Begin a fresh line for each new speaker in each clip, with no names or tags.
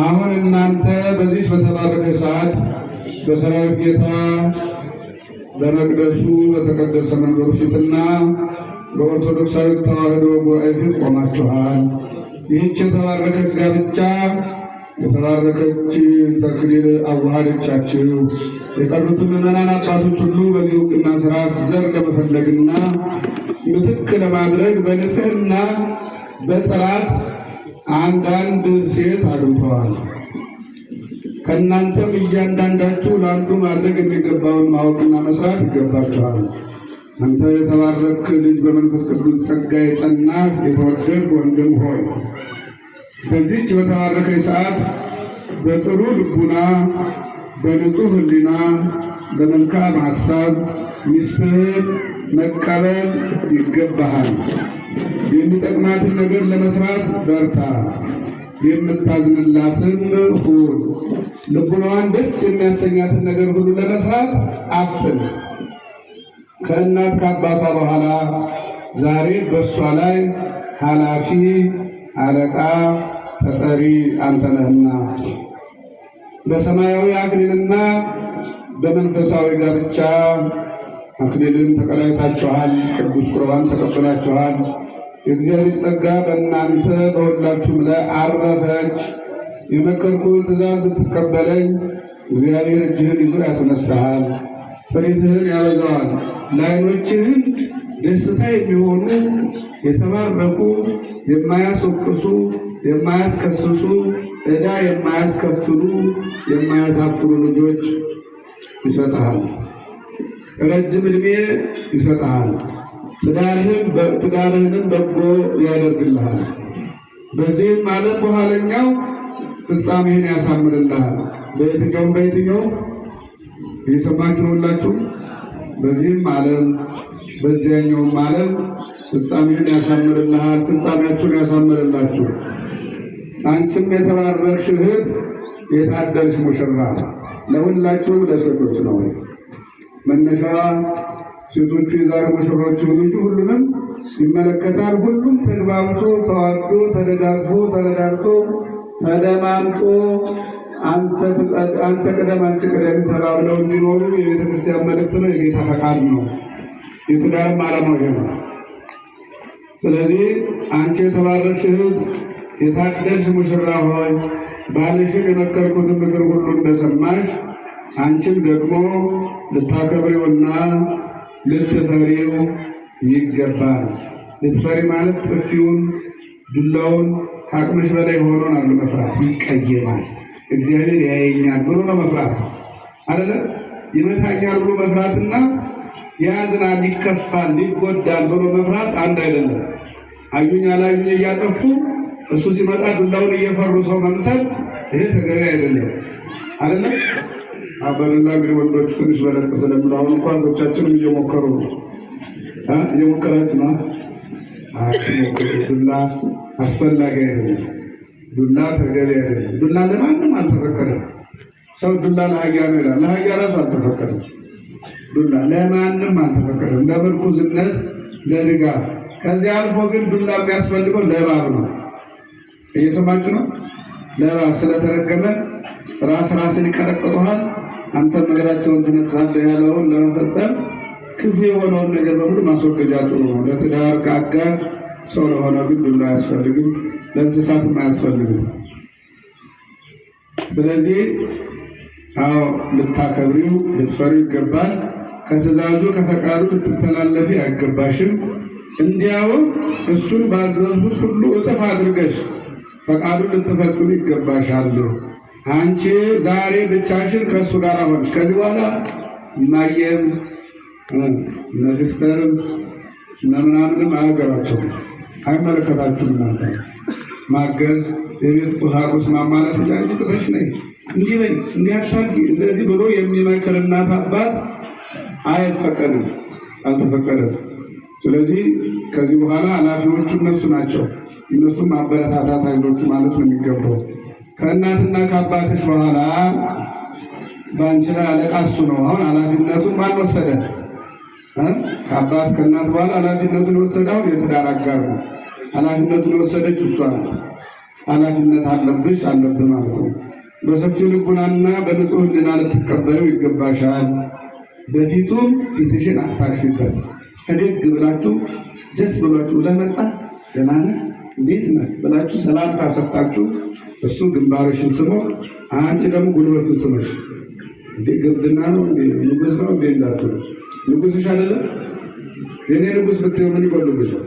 አሁን እናንተ በዚህ በተባረከ ሰዓት በሰራዊት ጌታ በመቅደሱ በተቀደሰ መንበሩ ፊትና በኦርቶዶክሳዊ ተዋህዶ ጉባኤ ፊት ቆማችኋል። ይህች የተባረከች ጋብቻ የተባረከች ተክሊል አዋሃደቻችሁ። የቀሩትን ምዕመናን አባቶች ሁሉ በዚህ ውቅና ስርዓት ዘር ለመፈለግና ምትክ ለማድረግ በንጽህና በጥራት አንዳንድ ሴት አግብተዋል። ከእናንተም እያንዳንዳችሁ ለአንዱ ማድረግ የሚገባውን ማወቅና መስራት ይገባችኋል። አንተ የተባረክ ልጅ በመንፈስ ቅዱስ ጸጋ የጸና የተወደድ ወንድም ሆይ በዚህች በተባረከ ሰዓት በጥሩ ልቡና በንጹሕ ሕሊና በመልካም ሐሳብ ሚስትህን መቀበል ይገባሃል። የሚጠቅማትን ነገር ለመስራት በርታ፣ የምታዝንላትን ሁን፣ ልቡናዋን ደስ የሚያሰኛትን ነገር ሁሉ ለመስራት አፍን። ከእናት ከአባቷ በኋላ ዛሬ በእሷ ላይ ኃላፊ አለቃ ተጠሪ አንተነህና በሰማያዊ አክሊልና በመንፈሳዊ ጋብቻ አክሊልን ተቀላይታችኋል። ቅዱስ ቁርባን ተቀብላችኋል። የእግዚአብሔር ጸጋ በእናንተ በሁላችሁም ላይ አረፈች። የመከርኩህን ትእዛዝ ብትቀበለኝ እግዚአብሔር እጅህን ይዞ ያስነሳሃል፣ ጥሪትህን ያበዛዋል። ለዓይኖችህም ደስታ የሚሆኑ የተባረኩ የማያስወቅሱ የማያስከስሱ ዕዳ የማያስከፍሉ የማያሳፍሩ ልጆች ይሰጠሃል። ረጅም ዕድሜ ይሰጠሃል። ትዳርህንም በጎ ያደርግልሃል። በዚህም ዓለም በኋለኛው ፍጻሜህን ያሳምርልሃል። በየትኛውም በየትኛው እየሰማችሁ ነው ሁላችሁ። በዚህም ዓለም በዚያኛውም ዓለም ፍጻሜህን ያሳምርልሃል። ፍጻሜያችሁን ያሳምርላችሁ። አንቺም የተባረክሽ እህት፣ የታደልሽ ሙሽራ ለሁላችሁ ለሴቶች ነው መነሻ ሴቶቹ፣ የዛር ሙሽሮቹ፣ ልጁ ሁሉንም ይመለከታል። ሁሉም ተግባብቶ ተዋዶ ተደጋግፎ ተረዳድቶ ተደማምጦ አንተ ቅደም አንቺ ቅደም ተባብለው እንዲኖሩ የቤተ ክርስቲያን መልእክት ነው። የጌታ ፈቃድ ነው። የትዳርም ዓላማው ነው። ስለዚህ አንቺ የተባረክሽ እህት፣ የታደልሽ ሙሽራ ሆይ ባልሽን የመከርኩትን ምክር ሁሉ እንደሰማሽ አንቺም ደግሞ ልታከብሪውና ልትፈሪው ይገባል። ልትፈሪ ማለት ጥፊውን፣ ዱላውን ከአቅምሽ በላይ ሆኖን አሉ መፍራት ይቀየማል። እግዚአብሔር ያየኛል ብሎ ነው መፍራት አደለ። ይመታኛል ብሎ መፍራትና ያዝናል፣ ይከፋል፣ ይጎዳል ብሎ መፍራት አንድ አይደለም። አዩኛ አላዩኝ እያጠፉ እሱ ሲመጣ ዱላውን እየፈሩ ሰው መምሰል ይሄ ተገቢ አይደለም አደለም። አበልና እንግዲህ ወንዶች ትንሽ በለጥ ስለምሉ አሁን እንኳ ቶቻችንም እየሞከሩ ነው እየሞከራች ነው። ዱላ አስፈላጊ አይደለም። ዱላ ተገቢ አይደለም። ዱላ ለማንም አልተፈቀደም። ሰው ዱላ ለአህያ ነው ይላል። ለአህያ ራሱ አልተፈቀደም። ዱላ ለማንም አልተፈቀደም። ለምርኩዝነት፣ ለድጋፍ ከዚህ አልፎ ግን ዱላ የሚያስፈልገው ለባብ ነው። እየሰማችሁ ነው። ለባብ ስለተረገመ ራስ ራስን ይቀጠቅጠዋል። አንተም ነገራቸውን ትነቅሳለህ ያለውን ለመፈጸም ክፉ የሆነውን ነገር በሙሉ ማስወገጃ ጥሩ ነው። ለትዳር ከአጋር ሰው ለሆነ ግን ዱላ አያስፈልግም፣ ለእንስሳትም አያስፈልግም። ስለዚህ አዎ ልታከብሪው ልትፈሪው ይገባል። ከትእዛዙ ከፈቃዱ ልትተላለፊ አይገባሽም። እንዲያው እሱን ባዘዙት ሁሉ እጥፍ አድርገሽ ፈቃዱን ልትፈጽም ይገባሻል። አንቺ ዛሬ ብቻሽን ከእሱ ጋር ሆንሽ። ከዚህ በኋላ እማየም እነሲስተርም ምናምንም አያገራቸው አይመለከታችሁም። እናንተ ማገዝ የቤት ቁሳቁስ ማሟላት ብቻ ስጥተሽ ነ እንዲህ በይ እንዲህ እንደዚህ ብሎ የሚመክር እናት አባት አይፈቀድም፣ አልተፈቀደም። ስለዚህ ከዚህ በኋላ ኃላፊዎቹ እነሱ ናቸው። እነሱም ማበረታታት ኃይሎቹ ማለት ነው የሚገባው ከእናትና ከአባትሽ በኋላ በአንቺ ላይ አለቃ እሱ ነው። አሁን ኃላፊነቱን ማን ወሰደ? ከአባት ከእናት በኋላ ኃላፊነቱን የወሰደ አሁን የትዳር አጋር ነው። ኃላፊነቱን የወሰደች እሷ ናት። ኃላፊነት አለብሽ አለብህ ማለት ነው። በሰፊው ልቡናና በንጹህ ሕሊና ልትቀበለው ይገባሻል። በፊቱም ፊትሽን አታክፊበት። ፈገግ ብላችሁ ደስ ብሏችሁ ለመጣ ደህና ነህ እንዴት ነህ ብላችሁ ሰላምታ ሰጣችሁ። እሱ ግንባርሽን ስሞ፣ አንቺ ደግሞ ጉልበቱን ስመሽ እንዴ ግርድና ነው እንዴ ንጉስ ነው እንዴ እንዳትሉ። ንጉስሽ አይደለም የኔ ንጉስ ብትይው ምን ይጎልብሻል?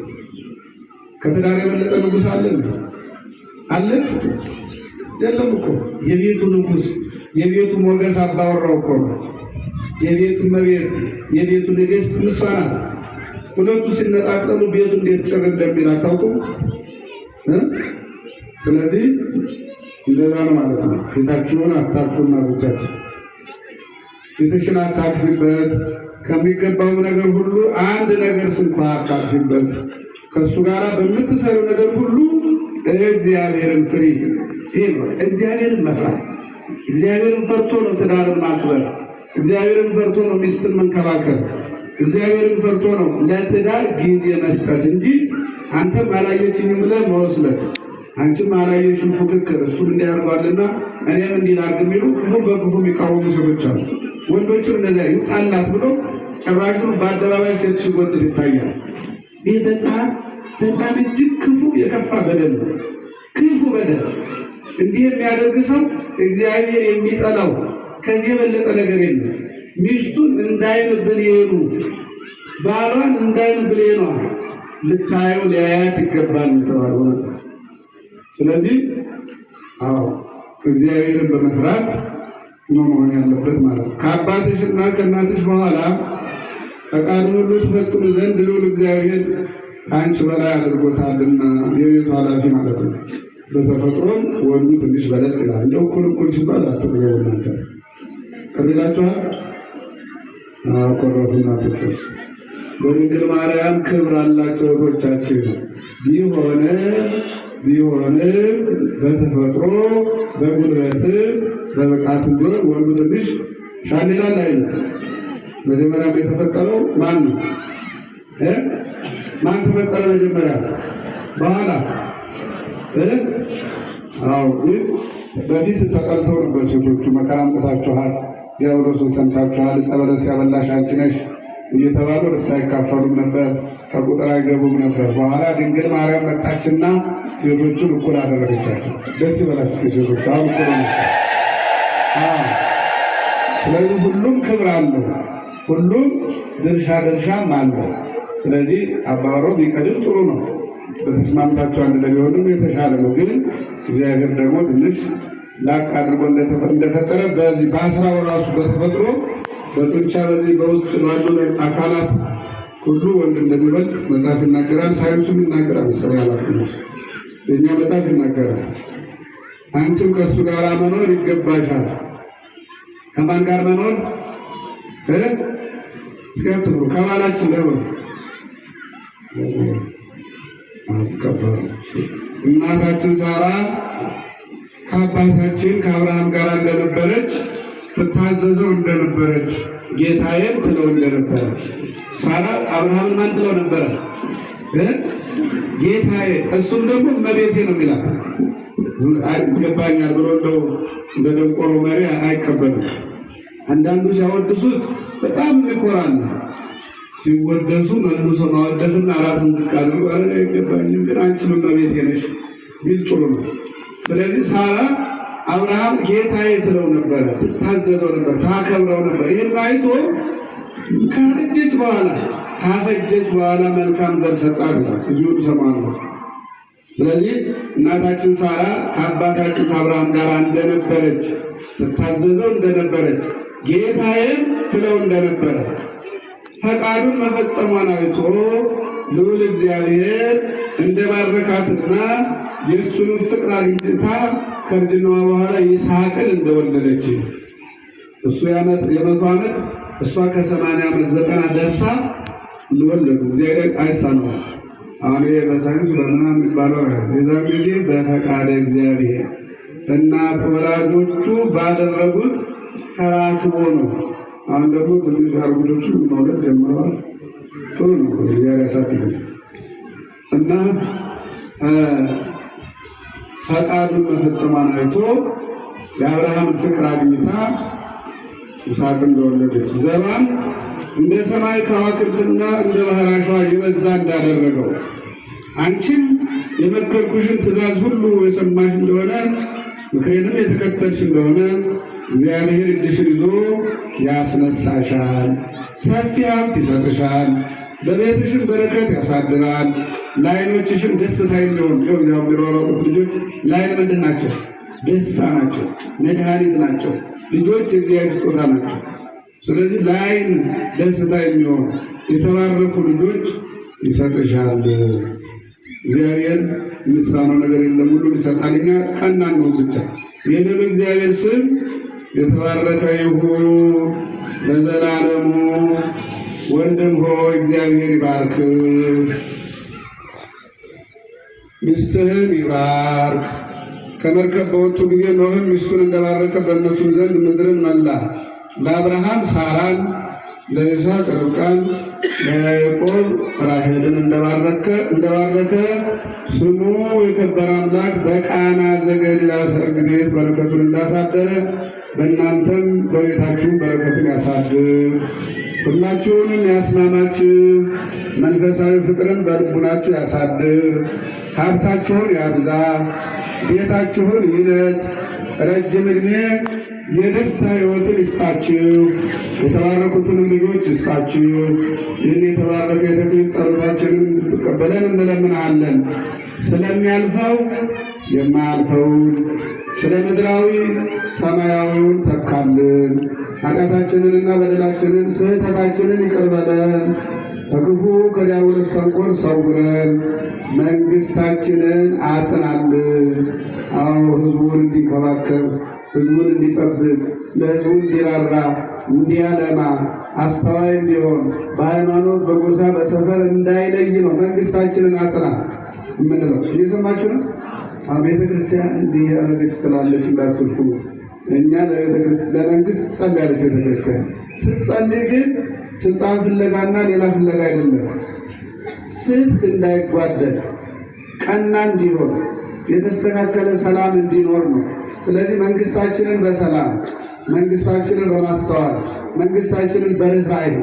ከትዳር የበለጠ ንጉስ አለን አለ የለም እኮ የቤቱ ንጉስ የቤቱ ሞገስ አባወራው እኮ ነው። የቤቱ መቤት የቤቱ ንግስት ምሷ ናት። ሁለቱ ሲነጣጠሉ ቤቱ እንዴት ጭር እንደሚል አታውቁም? ስለዚህ እንደዛ ነው ማለት ነው። ፊታችሁን አታርፉ። እናቶቻችን ፊትሽን አታርፊበት፣ ከሚገባው ነገር ሁሉ አንድ ነገር ስንኳ አታርፊበት። ከእሱ ጋር በምትሰሩ ነገር ሁሉ እግዚአብሔርን ፍሪ። ይህ እግዚአብሔርን መፍራት፣ እግዚአብሔርን ፈርቶ ነው ትዳርን ማክበር። እግዚአብሔርን ፈርቶ ነው ሚስትን መንከባከብ። እግዚአብሔርን ፈርቶ ነው ለትዳር ጊዜ መስጠት እንጂ አንተም አላየችኝም ብለህ መወስለት አንቺም አላየሽም ፉክክር እሱም እንዲያርጓልና እኔም እንዲላርግ የሚሉ ክፉ በክፉ የሚቃወሙ ሴቶች አሉ። ወንዶችም እነዚያ ይውጣላት ብሎ ጭራሹን በአደባባይ ሴት ሲጎትት ይታያል። ይህ በጣም በጣም እጅግ ክፉ የከፋ በደል ነው። ክፉ በደል እንዲህ የሚያደርግ ሰው እግዚአብሔር የሚጠላው ከዚህ የበለጠ ነገር የለም። ሚስቱን እንዳይን ብሌኑ፣ ባሏን እንዳይን ብሌኗ ልታየው ሊያያት ይገባል የተባለው መጽሐፍ። ስለዚህ አዎ እግዚአብሔርን በመፍራት ነው መሆን ያለበት ማለት ነው። ከአባትሽ እና ከእናትሽ በኋላ ፈቃድን ሁሉ ትፈጽም ዘንድ ልዑል እግዚአብሔር ከአንቺ በላይ አድርጎታልና የቤቱ ኃላፊ ማለት ነው። በተፈጥሮም ወንዱ ትንሽ በለጥ ይላል። እንደው እኩል እኩል ሲባል አትግበው እናንተ ቅር ይላችኋል። ቆረፉ በድንግል ማርያም ክብር አላቸው እህቶቻችን። ቢሆንም ቢሆንም በተፈጥሮ በጉልበት በብቃት ቢሆን ወንዱ ትንሽ ሻሌላ ላይ ነው። መጀመሪያ የተፈጠረው ማን ነው? ማን ተፈጠረ መጀመሪያ? በኋላ አዎ፣ ግን በፊት ተቀርተው ነበር ሴቶቹ። መከራ አምጥታችኋል፣ ዲያብሎስን ሰምታችኋል፣ ዕፀ በለስ ያበላሽ አንቺ ነሽ እየተባሉ ርስት አይካፈሉም ነበር፣ ከቁጥር አይገቡም ነበር። በኋላ ድንግል ማርያም መጣችና ሴቶቹን እኩል አደረገቻቸው። ደስ ይበላችሁ ሴቶች፣ አሁን እኩል ናቸው። ስለዚህ ሁሉም ክብር አለው፣ ሁሉም ድርሻ ድርሻም አለው። ስለዚህ አባሮ ቢቀድም ጥሩ ነው። በተስማምታቸው አንድ ለሚሆንም የተሻለ ነው። ግን እግዚአብሔር ደግሞ ትንሽ ላቅ አድርጎ እንደተፈጠረ በዚህ በአስራው ራሱ በተፈጥሮ በጡንቻ በዚህ በውስጥ ባሉ አካላት ሁሉ ወንድ እንደሚበልጥ መጽሐፍ ይናገራል፣ ሳይንሱም ይናገራል። ሰው ያላት የእኛ መጽሐፍ ይናገራል። አንቺም ከእሱ ጋር መኖር ይገባሻል። ከማን ጋር መኖር እስከትሩ ከባላችን ጋር እናታችን ሳራ ከአባታችን ከአብርሃም ጋር እንደነበረች ትታዘዘው እንደነበረች ጌታዬን ትለው እንደነበረ ሳራ አብርሃምን ማን ትለው ነበረ? ጌታዬ። እሱም ደግሞ እመቤቴ ነው የሚላት ይገባኛል ብሎ እንደው እንደ ደንቆሮ መሪ አይቀበልም። አንዳንዱ ሲያወድሱት በጣም ይኮራል። ሲወደሱ መልሶ ማወደስና ራስን ዝቅ አድርጎ አይገባኝም፣ ግን አንቺም እመቤቴ ነሽ ቢል ጥሩ ነው። ስለዚህ ሳራ አብርሃም ጌታዬ ትለው ነበረ፣ ትታዘዘው ነበር፣ ታከብረው ነበር። ይህን አይቶ ካፈጀች በኋላ ካፈጀች በኋላ መልካም ዘር ሰጣት ይላል እዚሁ ሰማሉ። ስለዚህ እናታችን ሳራ ከአባታችን ከአብርሃም ጋር እንደነበረች ትታዘዘው እንደነበረች ጌታዬን ትለው እንደነበረ ፈቃዱን መፈጸሟን አይቶ ልዑል እግዚአብሔር እንደ ባረካትና ፍቅር አግኝታ ከእርጅናዋ በኋላ ይስሐቅን እንደወለደች እሱ የመቶ ዓመት እሷ ከሰማንያ ዓመት ዘጠና ደርሳ እንደወለዱ እግዚአብሔር አይሳነዋ አሁን ይሄ በሳይንስ በምና የሚባለው የዛን ጊዜ በፈቃደ እግዚአብሔር እናት ወላጆቹ ባደረጉት ተራክቦ ነው። አሁን ደግሞ ትንሽ አርጉዶቹ መውለድ ጀምረዋል። ጥሩ ነው። እግዚአብሔር ያሳድጉ። እና ፈቃዱን መፈጸሟን አይቶ የአብርሃምን ፍቅር አግኝታ ይስሐቅን እንደወለደች ዘባን እንደ ሰማይ ከዋክብትና እንደ ባህር አሸዋ የበዛ እንዳደረገው አንቺም የመከርኩሽን ትእዛዝ ሁሉ የሰማሽ እንደሆነ ምክሬንም የተከተልሽ እንደሆነ እግዚአብሔር እጅሽን ይዞ ያስነሳሻል፣ ሰፊ ሀብት ይሰጥሻል። በቤትሽም በረከት ያሳድራል። ለአይኖችሽም ደስታ የሚሆን ከዚያ የሚሯሯጡት ልጆች ለአይን ምንድን ናቸው? ደስታ ናቸው፣ መድኃኒት ናቸው። ልጆች የእግዚአብሔር ስጦታ ናቸው። ስለዚህ ለአይን ደስታ የሚሆን የተባረኩ ልጆች ይሰጥሻል። እግዚአብሔር የሚሳነው ነገር የለም፣ ሁሉ ይሰጣል። እኛ ቀናን ነው ብቻ የሌሉ እግዚአብሔር ስም የተባረከ ይሁን ለዘላለሙ ወንድም ሆ እግዚአብሔር ይባርክ፣ ሚስትህን ይባርክ። ከመርከብ በወጡ ጊዜ ኖህም ሚስቱን እንደባረከ በእነሱም ዘንድ ምድርን መላ። ለአብርሃም ሳራን፣ ለይስሐቅ ርብቃን፣ ለያዕቆብ ራሔልን እንደባረከ ስሙ የከበረ አምላክ በቃና ዘገሊላ ሰርግ ቤት በረከቱን እንዳሳደረ በእናንተም በቤታችሁ በረከትን ያሳድር። ሁላችሁንም ያስማማችሁ፣ መንፈሳዊ ፍቅርን በልቡናችሁ ያሳድር፣ ሀብታችሁን ያብዛ፣ ቤታችሁን ይነጽ፣ ረጅም እድሜ የደስታ ህይወትን ይስጣችሁ፣ የተባረኩትንም ልጆች ይስጣችሁ። ይህን የተባረከ የተክሊል ጸሎታችንን እንድትቀበለን እንለምናለን። ስለሚያልፈው የማያልፈውን ስለ ምድራዊ ሰማያዊውን ተካልን። ኃጢአታችንንና በደላችንን ስህተታችንን ይቅር በለን። በክፉ ከዲያብሎስ ተንኮል ሰውረን መንግሥታችንን አጽናልን። አዎ ህዝቡን እንዲንከባከብ ህዝቡን እንዲጠብቅ ለሕዝቡ እንዲራራ እንዲያለማ አስተዋይ እንዲሆን በሃይማኖት በጎሳ በሰፈር እንዳይለይ ነው መንግሥታችንን አጽና የምንለው እየሰማችሁ ነው። ቤተ ክርስቲያን እንዲህ ያደረገች ትላለች እንዳትልኩ። እኛ ለመንግስት ትጸልያለች ቤተ ክርስቲያን። ስትጸልይ ግን ስልጣን ፍለጋና ሌላ ፍለጋ አይደለም። ፍትህ እንዳይጓደል ቀና እንዲሆን የተስተካከለ ሰላም እንዲኖር ነው። ስለዚህ መንግስታችንን በሰላም መንግስታችንን በማስተዋል መንግስታችንን በርኅራኄ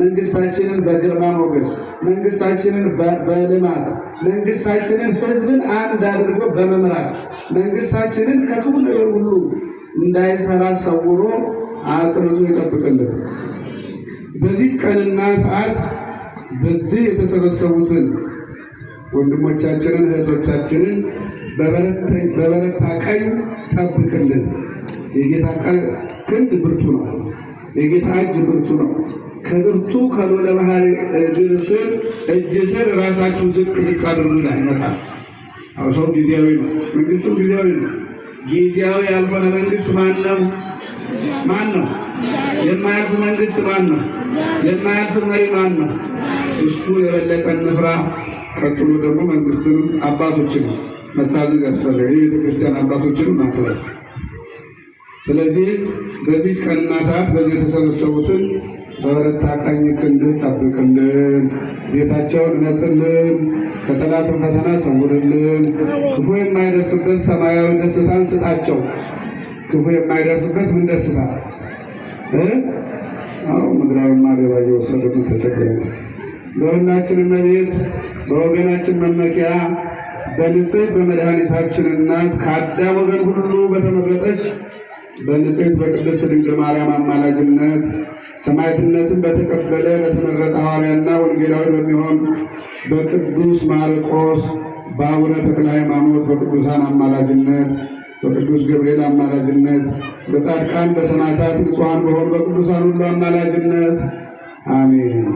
መንግስታችንን በግርማ ሞገስ መንግስታችንን በልማት መንግስታችንን ህዝብን አንድ አድርጎ በመምራት መንግስታችንን ከክፉ ነገር ሁሉ እንዳይሰራ ሰውሮ አጽንቶ ይጠብቅልን። በዚህ ቀንና ሰዓት በዚህ የተሰበሰቡትን ወንድሞቻችንን እህቶቻችንን በበረታ ቀኝ ጠብቅልን። የጌታ ክንድ ብርቱ ነው። የጌታ እጅ ብርቱ ነው። ከብርቱ ከሎለ መሀል እግር ስር እጅ ስር ራሳችሁ ዝቅ ዝቅ አድርጉ ይላል መጽሐፍ። ሰው ጊዜያዊ ነው፣ መንግስትም ጊዜያዊ ነው። ጊዜያዊ ያልሆነ መንግስት ማን ነው? ማን ነው? የማያልፍ መንግስት ማን ነው? የማያልፍ መሪ ማን ነው? እሱ የበለጠ ንፍራ። ቀጥሎ ደግሞ መንግስትን አባቶችን መታዘዝ ያስፈልጋል። የቤተክርስቲያን አባቶችን ማክበር ስለዚህ በዚህ ቀንና ሰዓት በዚህ የተሰበሰቡትን በበረታ ቀኝ ክንድ ጠብቅልን፣ ቤታቸውን ነጽልን፣ ከጠላትን ፈተና ሰውርልን፣ ክፉ የማይደርስበት ሰማያዊ ደስታን ስጣቸው። ክፉ የማይደርስበት ምን ደስታ? አዎ ምድራዊ ማገባ እየወሰዱብን ተቸግረ። በሁላችን መቤት በወገናችን መመኪያ በንጽህት በመድኃኒታችን እናት ከአዳም ወገን ሁሉ በተመረጠች በንጽሕት በቅድስት ድንግል ማርያም አማላጅነት ሰማዕትነትን በተቀበለ በተመረጠ ሐዋርያና ወንጌላዊ በሚሆን በቅዱስ ማርቆስ በአቡነ ተክለ ሃይማኖት በቅዱሳን አማላጅነት በቅዱስ ገብርኤል አማላጅነት በጻድቃን በሰማዕታት ንጹሐን በሆኑ በቅዱሳን ሁሉ አማላጅነት አሜን።